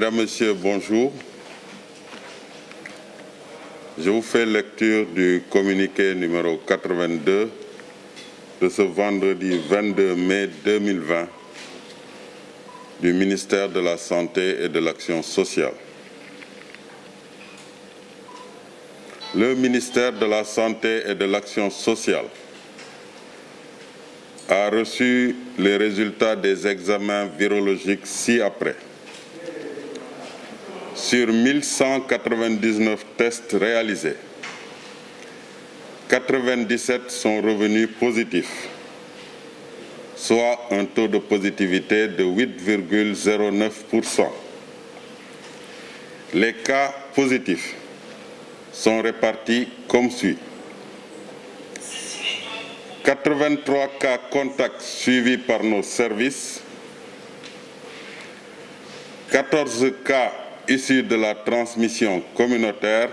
Mesdames, Messieurs, bonjour. Je vous fais du communiqué numéro 82 de ce vendredi 22 mai 2020 du ministère de la Santé et de l'Action sociale. Le ministère de la Santé et de l'Action sociale a reçu les résultats des examens virologiques ci-après. sur 1199 tests réalisés, 97 sont revenus positifs, soit un taux de positivité de 8,09%. Les cas positifs sont répartis comme suit. 83 cas contacts suivis par nos services, 14 cas issus de la transmission communautaire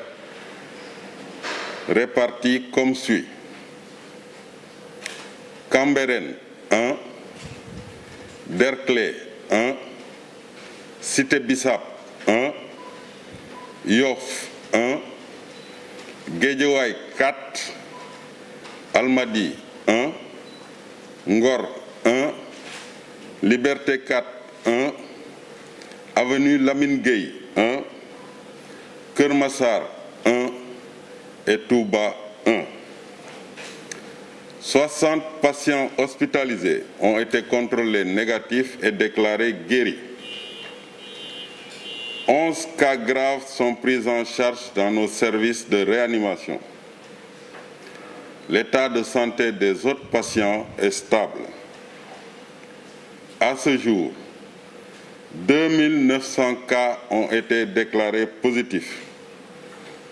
répartis comme suit. Cambérène 1, Derklé 1, Cité Bissap 1, Yoff 1, Guédiawaye 4, Almadies 1, Ngor Liberté Avenue Lamine Gueye 1, Kermassar 1 et Touba 1. 60 patients hospitalisés ont été contrôlés négatifs et déclarés guéris. 11 cas graves sont pris en charge dans nos services de réanimation. L'état de santé des autres patients est stable. À ce jour, 2900 cas ont été déclarés positifs,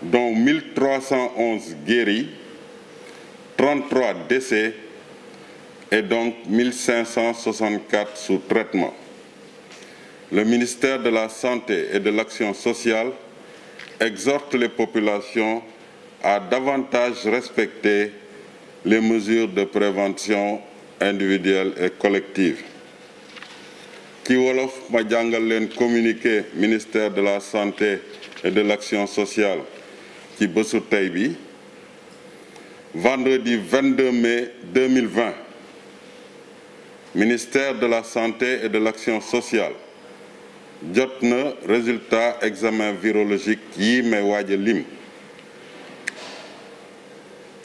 dont 1311 guéris, 33 décès et donc 1564 sous traitement. Le ministère de la Santé et de l'Action sociale exhorte les populations à davantage respecter les mesures de prévention individuelle et collective. ci wolof ma jàngal leen communiqué ministère de la santé et de l'action sociale ci bésu tey bi vendredi 22 mai 2020 ministère de la santé et de l'action sociale jot na résultat examen virologique yi may waaj a lim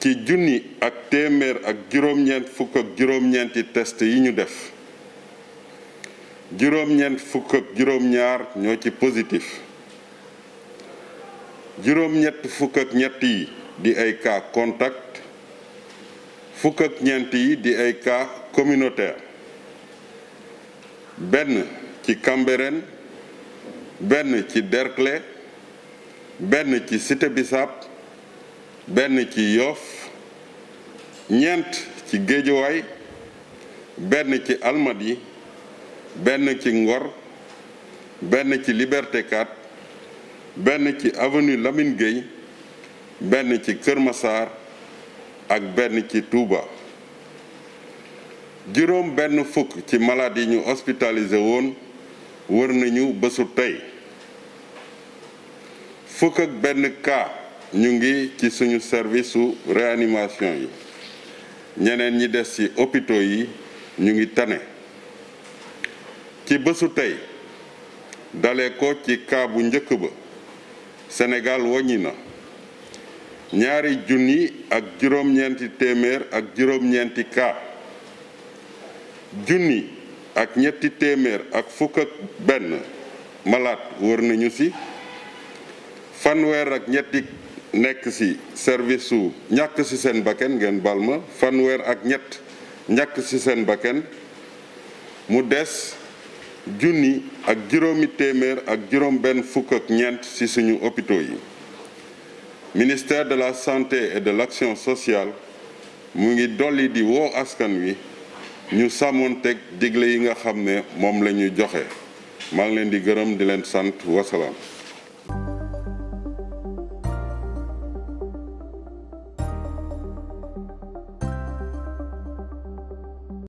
ci junni ak téeméer ak juróom-ñeent fukk ak juróom-ñeenti test yi ñu def juróom-ñeent fukk ak juróom-ñaar ñoo ci positif juróom-ñett fukk ak ñett yi di ay cas contact fukk ak ñeent yi di ay cas communautaire benn ci Cambérène benn ci Derklé benn ci Cité Bissap benn ci Yoff ñeent ci géejuwaay benn ci Almadi benn ci Ngor benn ci Liberté benn ci avenue Lamine Gueye benn ci Kër Massar ak benn ci Touba juróom benn fukk ci malade yi ñu hospitalisé woon wër nañu bésu tey fukk ak benn cas ñu ngi ci suñu service su réanimation yi ñeneen ñi des ci hôpitaux yi ñu ngi tane ci bésu tey dale ko ci kaa bu njëkk ba Sénégal waññi na ñaari junni ak juróom-ñeenti téeméer ak juróom-ñeenti kaa junni ak ñetti téeméer ak fukk ak benn malaat wër nañu ci fanweer ak ñetti nekk ci service su ñàkk ci seen bakken ngeen bal ma ak ñett ñàkk ci seen bakken mu des junni ak juróomi téeméer ak juróom benn fukk ak ñeent ci suñu hôpitaux yi ministère de la santé et de l'action sociale mu ngi dolli di woo askan wi ñu sàmmoon teg digle yi nga xam ne moom la ñu joxe maa ngi leen di gërëm di leen sant wasalaam